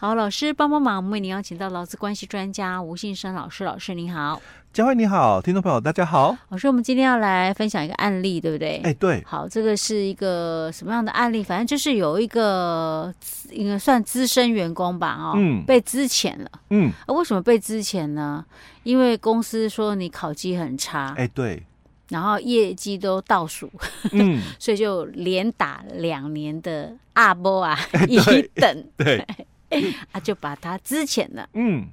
好，老師幫幫忙，我們為您邀請到勞資關係專家吳信生老師。老師您好，佳慧你好，聽眾朋友大家好，老師我們今天要來分享一個案例，對不對？哎、欸，對。好，這個是一個什麼樣的案例？反正就是有一個應該算資深員工吧，哦，嗯，被資遣了，嗯，為什麼被資遣呢？因為公司說你考績很差，哎、欸，對，然後業績都倒數，嗯呵呵，所以就連打兩年的阿波啊，欸、 一等，欸、對。 啊，就把他資遣了嗯，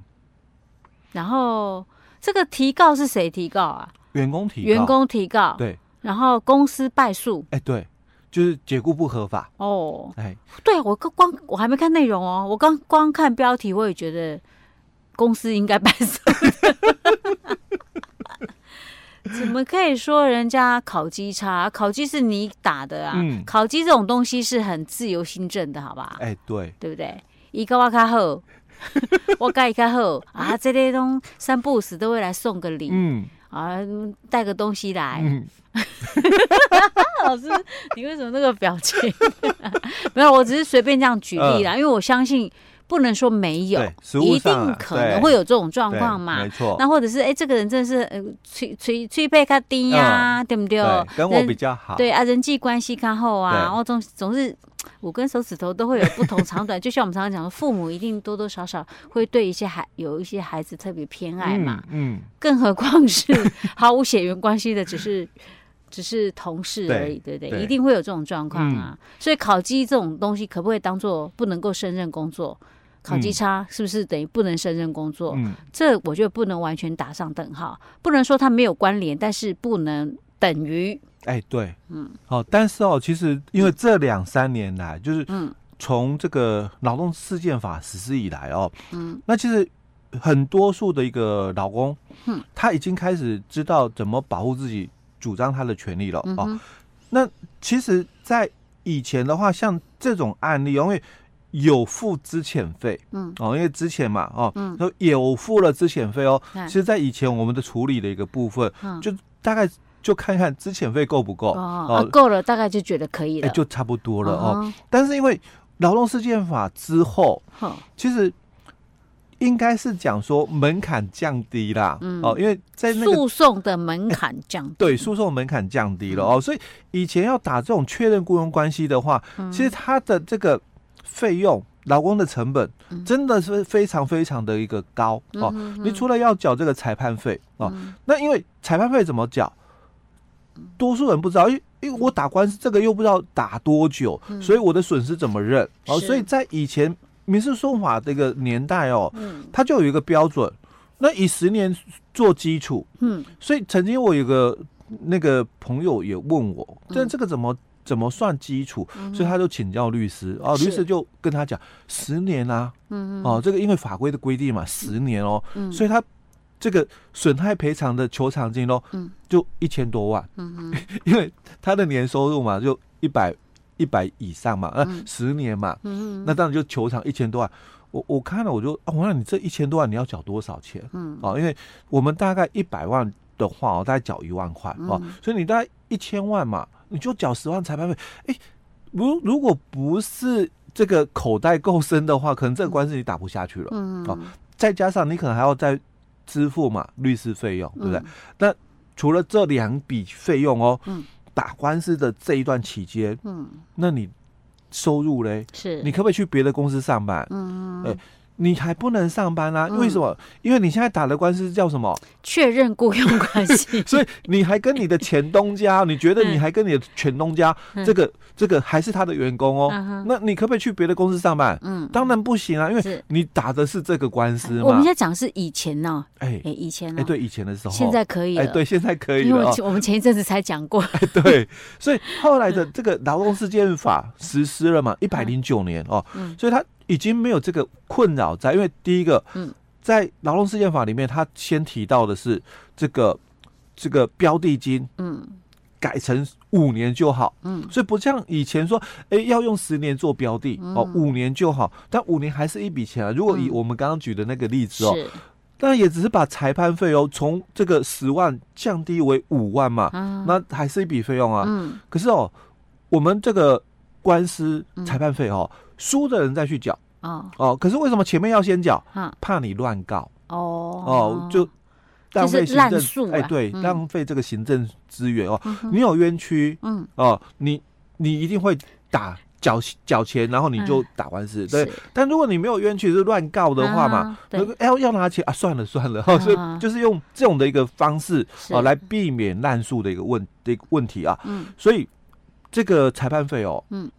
然後這個提告是誰提告啊？員工提員工提告,工提告對，然後公司敗訴哎、欸，對，就是解雇不合法哦哎，欸、對我剛光我還沒看內容哦，我剛光,光看標題我也覺得公司應該敗訴， 怎麼可以說人家考績差、啊？考績是你打的啊，考績、嗯、這種東西是很自由心證的，好吧？哎、欸，對，對不對？伊跟我較好，我跟伊較好啊！這些東三不五時都會來送個禮，嗯、啊，帶個東西來。嗯、 老師，你為什麼那個表情？ 沒有，我只是隨便這樣舉例啦，呃、因為我相信。不能說沒有，一定可能會有這種狀況嘛。沒錯，那或者是哎，這個人真的是呃，吹吹吹背卡低啊，對不對？跟我比較好。對啊，人際關係靠後啊，我總總是五根手指頭都會有不同長短。就像我們常常講的，父母一定多多少少會對一些孩有一些孩子特別偏愛嘛。嗯，更何況是毫無血緣關係的，只是只是同事而已，對不對？一定會有這種狀況啊。所以考績這種東西，可不可以當做不能夠勝任工作？考績差，嗯、是不是等於不能勝任工作？嗯、這我覺得不能完全打上等號，不能說它沒有關聯，但是不能等於。哎，欸、對，嗯，哦，但是哦，其實因為這兩三年來，嗯、就是從這個勞動事件法實施以來哦，嗯、那其實很多數的一個勞工，嗯、他已經開始知道怎麼保護自己、嗯、主張他的權利了、嗯、哼哦，那其實，在以前的話，像這種案例、哦，因為。有付資遣費，嗯，哦，因為之前嘛，哦，嗯，有付了資遣費哦。其實，在以前我們的處理的一個部分，就大概就看看資遣費夠不夠，哦，夠了，大概就覺得可以了，就差不多了哦。但是因為勞動事件法之後，其實應該是講說門檻降低了，哦，因為在那個訴訟的門檻降低。對，訴訟門檻降低了哦，所以以前要打這種確認雇傭關係的話，其實他的這個。費用、勞工的成本真的是非常非常的一個高哦！你除了要繳這個裁判費哦，那因為裁判費怎麼繳？多數人不知道，因為因為我打官司這個又不知道打多久，所以我的損失怎麼認？啊，所以在以前民事訴訟法這個年代哦，它就有一個標準，那以十年做基礎，嗯，所以曾經我有個那個朋友也問我，但這個怎麼？怎麼算基礎？所以他就請教律師啊，律師就跟他講十年啊，哦，這個因為法規的規定嘛，十年哦，所以他這個損害賠償的求償金嘍，就一千多萬，因為他的年收入嘛，就一百一百以上嘛，呃，十年嘛，那當然就求償一千多萬。我我看了，我就啊，我問你這一千多萬你要繳多少錢？啊，因為我們大概一百萬的話哦，大概繳一萬塊啊，所以你大概一千萬嘛。你就繳十萬裁判費，哎、欸，如如果不是這個口袋夠深的話，可能這個官司你打不下去了。嗯哼哦、再加上你可能還要再支付嘛律師費用，對不對？嗯、那除了這兩筆費用哦，嗯、打官司的這一段期間，嗯，那你收入嘞？是，你可不可以去別的公司上班？嗯哼。欸你還不能上班啊，為什麼？因為你現在打的官司叫什麼？確認僱傭關係。所以你還跟你的前東家，你覺得你還跟你的前東家，這個這個還是他的員工哦？那你可不可以去別的公司上班？嗯，當然不行啊，因為你打的是這個官司嘛。我們現在講的是以前呢，哎哎，以前哎，對，以前的時候，現在可以哎，對，現在可以，因為我們前一陣子才講過，哎，對。所以後來的這個勞動事件法實施了嘛？一百零九年哦，所以他。已經沒有這個困擾在，因為第一個，嗯，在勞動事件法裡面，他先提到的是這個這個標的金，嗯，改成五年就好，嗯，所以不像以前說，哎、欸，要用十年做標的、嗯、哦，五年就好，但五年還是一筆錢啊。如果以我們剛剛舉的那個例子哦，那、嗯、也只是把裁判費哦從這個十萬降低為五萬嘛，嗯、那還是一筆費用啊。嗯、可是哦，我們這個官司裁判費哦。嗯嗯輸的人再去繳哦，可是為什麼前面要先繳？怕你亂告哦哦，就浪費行政哎，對，浪費這個行政資源哦。你有冤屈，嗯哦，你你一定會打繳繳錢，然後你就打官司。對，但如果你沒有冤屈，是亂告的話嘛，要要拿錢啊，算了算了，所以就是用這種的一個方式啊，來避免濫訴的一個問一問題啊。嗯，所以這個裁判費哦，嗯。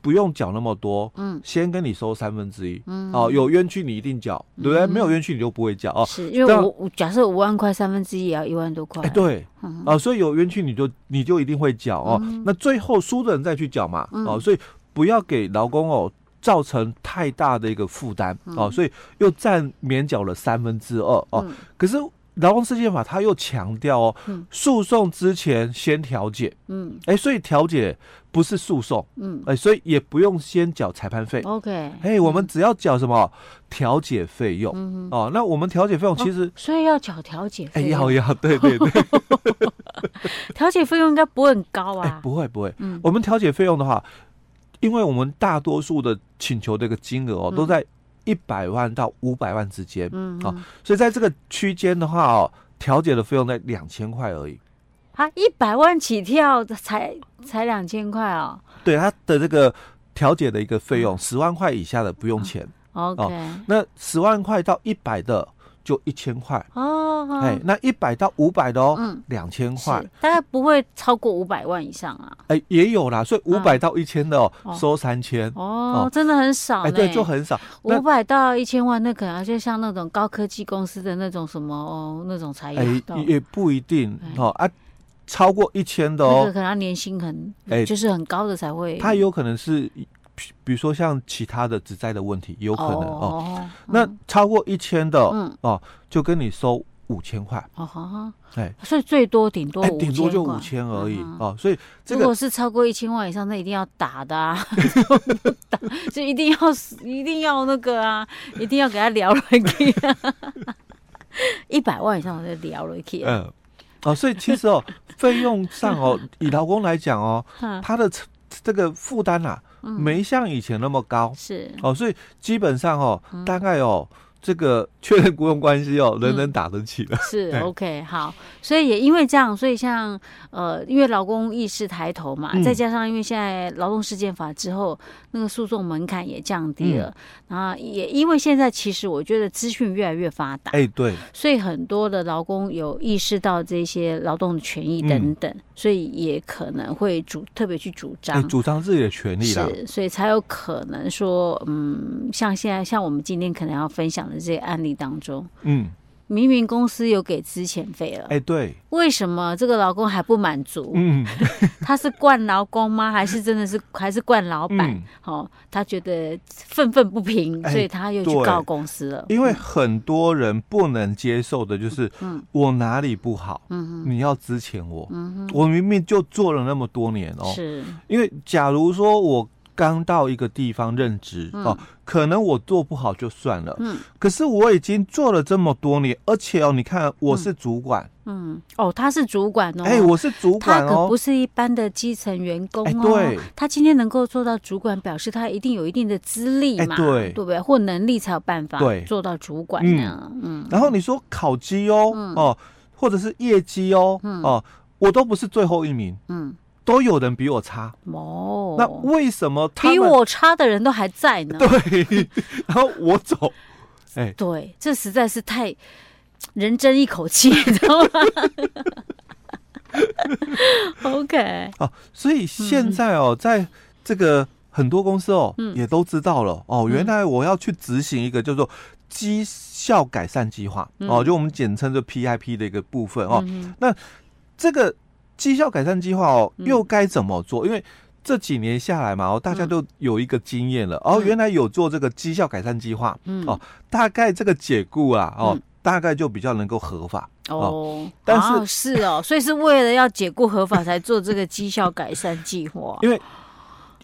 不用繳那麼多，嗯，先跟你收三分之一，嗯，哦，有冤屈你一定繳，對，沒有冤屈你就不會繳哦，是因為我假設五萬塊三分之一也要一萬多塊，對，啊，所以有冤屈你就你就一定會繳哦，那最後輸的人再去繳嘛，哦，所以不要給勞工哦造成太大的一個負擔，哦，所以又暫免繳了三分之二哦，可是。勞動事件法，他又強調哦，訴訟、嗯、之前先調解，嗯，哎、欸，所以調解不是訴訟，嗯，哎、欸，所以也不用先繳裁判費，OK，哎，我們只要繳什麼調解費用，嗯、哼哦，那我們調解費用其實，哦、所以要繳調解費用，哎、欸，要要，對對對，調 解費用應該不會很高啊，欸、不會不會，嗯我們調解費用的話，因為我們大多數的請求的這個金額哦都在。一百萬到五百萬之間，嗯哼，好，哦，所以在這個區間的話哦，調解的費用在兩千塊而已。啊，一百萬起跳才才兩千塊哦。對，他的這個調解的一個費用，十萬塊以下的不用錢。啊，OK，哦，那十萬塊到一百的。就一千塊哦，哎，那一百到五百的哦，兩千塊，大概不會超過五百萬以上啊，哎，也有啦，所以五百到一千的哦，收三千，哦，真的很少，哎，對，就很少。五百到一千萬，那可能就像那種高科技公司的那種什麼哦，那種才有。哎，也不一定哦，啊，超過一千的哦，可能他年薪很就是很高的才會，他有可能是。比如說像其他的職災的問題，有可能哦。那超過一千的哦，就跟你收五千塊。哦，哈，哎，所以最多頂多頂多就五千而已哦。所以如果是超過一千萬以上，那一定要打的。啊。所以一定要，一定要那個啊，一定要給他撩下去啊，一百萬以上就撩下去。嗯，啊，所以其實哦，費用上哦，以勞工來講哦，他的這個負擔啊。沒像以前那麼高，嗯、是哦，所以基本上哦，嗯、大概哦。這個確認雇傭關係哦，人人打得起的，嗯。是對 OK，好，所以也因為這樣，所以像呃，因為勞工意識抬頭嘛，嗯、再加上因為現在勞動事件法之後，那個訴訟門檻也降低了，嗯、然後也因為現在其實我覺得資訊越來越發達，哎、欸，對，所以很多的勞工有意識到這些勞動的權益等等，嗯、所以也可能會主特別去主張，欸，主張自己的權利了。是，所以才有可能說，嗯，像現在像我們今天可能要分享。這些案例當中，嗯，明明公司有給資遣費了，哎，對，為什麼這個勞工還不滿足？嗯，他是慣勞工嗎？還是真的是還是慣老闆？他覺得憤憤不平，所以他又去告公司了。因為很多人不能接受的就是，我哪裡不好？嗯哼，你要資遣我，我明明就做了那麼多年哦。是，因為假如說我。剛到一個地方任職哦，可能我做不好就算了。嗯，可是我已經做了這麼多年，而且哦，你看我是主管，嗯，哦，他是主管哦，哎，我是主管哦，可不是一般的基層員工哦。對，他今天能夠做到主管，表示他一定有一定的資歷嘛，對不對？或能力才有辦法做到主管。嗯，然後你說考績哦，哦，或者是業績哦，哦，我都不是最後一名。嗯。都有人比我差，哦，oh, 那為什麼他比我差的人都還在呢？對，然後我走，哎、 欸，對，這實在是太人爭一口氣，你知道嗎 ？OK，哦，所以現在哦，嗯、在這個很多公司哦，嗯、也都知道了哦，原來我要去執行一個叫做績效改善計劃、嗯、哦，就我們簡稱就 PIP 的一個部分哦，嗯、哼那這個。績效改善計劃哦，又該怎麼做？嗯、因為這幾年下來嘛，大家都有一個經驗了、嗯、哦。原來有做這個績效改善計劃、嗯、哦，大概這個解雇啊、嗯、哦，大概就比較能夠合法哦。但是、啊、是哦，所以是為了要解雇合法才做這個績效改善計劃， 因為。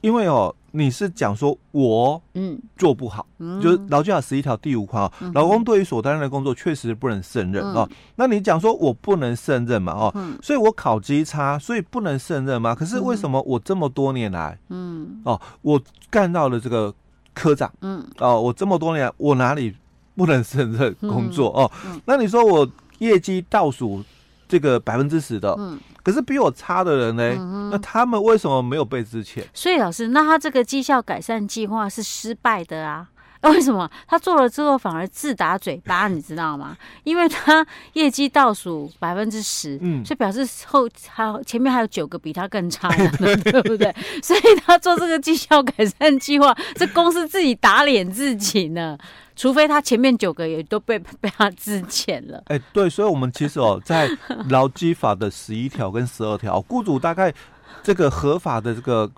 因為哦，你是講說我嗯做不好，嗯嗯、就是《勞基法》十一條第五款哦，勞工、嗯、對於所擔任的工作確實不能勝任、嗯、哦，那你講說我不能勝任嘛？哦，嗯、所以我考績差，所以不能勝任嘛？可是為什麼我這麼多年來，嗯，哦，我幹到了這個科長，嗯，哦，我這麼多年來我哪裡不能勝任工作、嗯嗯、哦？那你說我業績倒數？這個百分之十的，嗯，可是比我差的人呢，嗯、哼那他們為什麼沒有被資遣？所以老師，那他這個績效改善計劃是失敗的啊。為什麼他做了之後反而自打嘴巴，你知道嗎？因為他業績倒數百分之十，嗯，所以表示後他前面還有九個比他更差的，哎、對，對不對？ 所以他做這個績效改善計劃，這 公司自己打臉自己呢。除非他前面九個也都被被他資遣了。哎，對，所以我們其實哦，在勞基法的十一條跟十二條，雇主大概這個合法的這個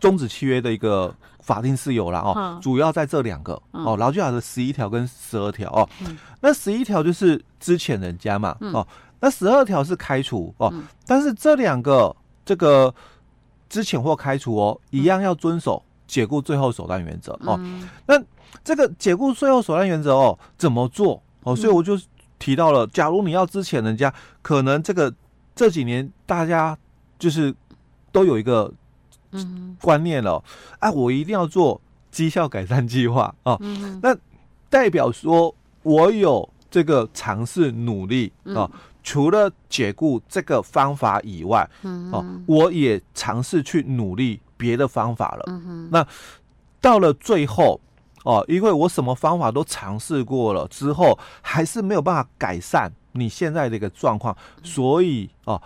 終止契約的一個。法定事由啦哦，主要在這兩個哦，然後就勞基法的十一條跟十二條哦。那十一條就是資遣人家嘛哦，那十二條是開除哦。但是這兩個這個資遣或開除哦，一樣要遵守解雇最後手段原則哦。那這個解雇最後手段原則哦，怎麼做哦？所以我就提到了，假如你要資遣人家，可能這個這幾年大家就是都有一個。觀念了，啊，我一定要做績效改善計劃啊。嗯、那代表說，我有這個嘗試努力啊，嗯、除了解雇這個方法以外，哦、啊，嗯、我也嘗試去努力別的方法了。嗯、那到了最後，哦、啊，因為我什麼方法都嘗試過了之後，還是沒有辦法改善。你現在這個狀況，所以啊，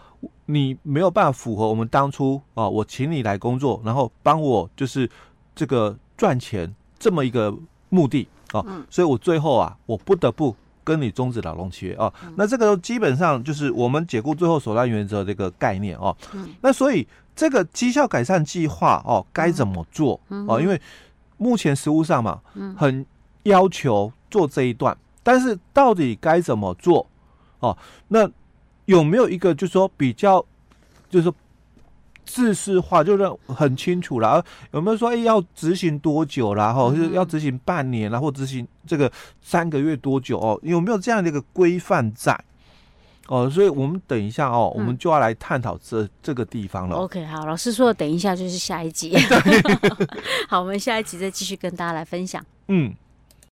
你沒有辦法符合我們當初啊，我請你來工作，然後幫我就是這個賺錢這麼一個目的啊，所以我最後啊，我不得不跟你終止勞動契約啊。那這個基本上就是我們解雇最後手段原則這個概念啊。那所以這個績效改善計劃哦，該，啊，怎麼做，啊，因為目前實務上嘛，很要求做這一段，但是到底該怎麼做？哦，那有沒有一個就是說比較，就是制式化，就是很清楚啦，有沒有說、欸、要執行多久啦？哈、哦，嗯、是要執行半年啦，或執行這個三個月多久？哦，有沒有這樣的一個規範在？哦，所以我們等一下哦，嗯、我們就要來探討這這個地方了。OK，好，老師說的等一下就是下一集。欸、對， 好，我們下一集再繼續跟大家來分享。嗯。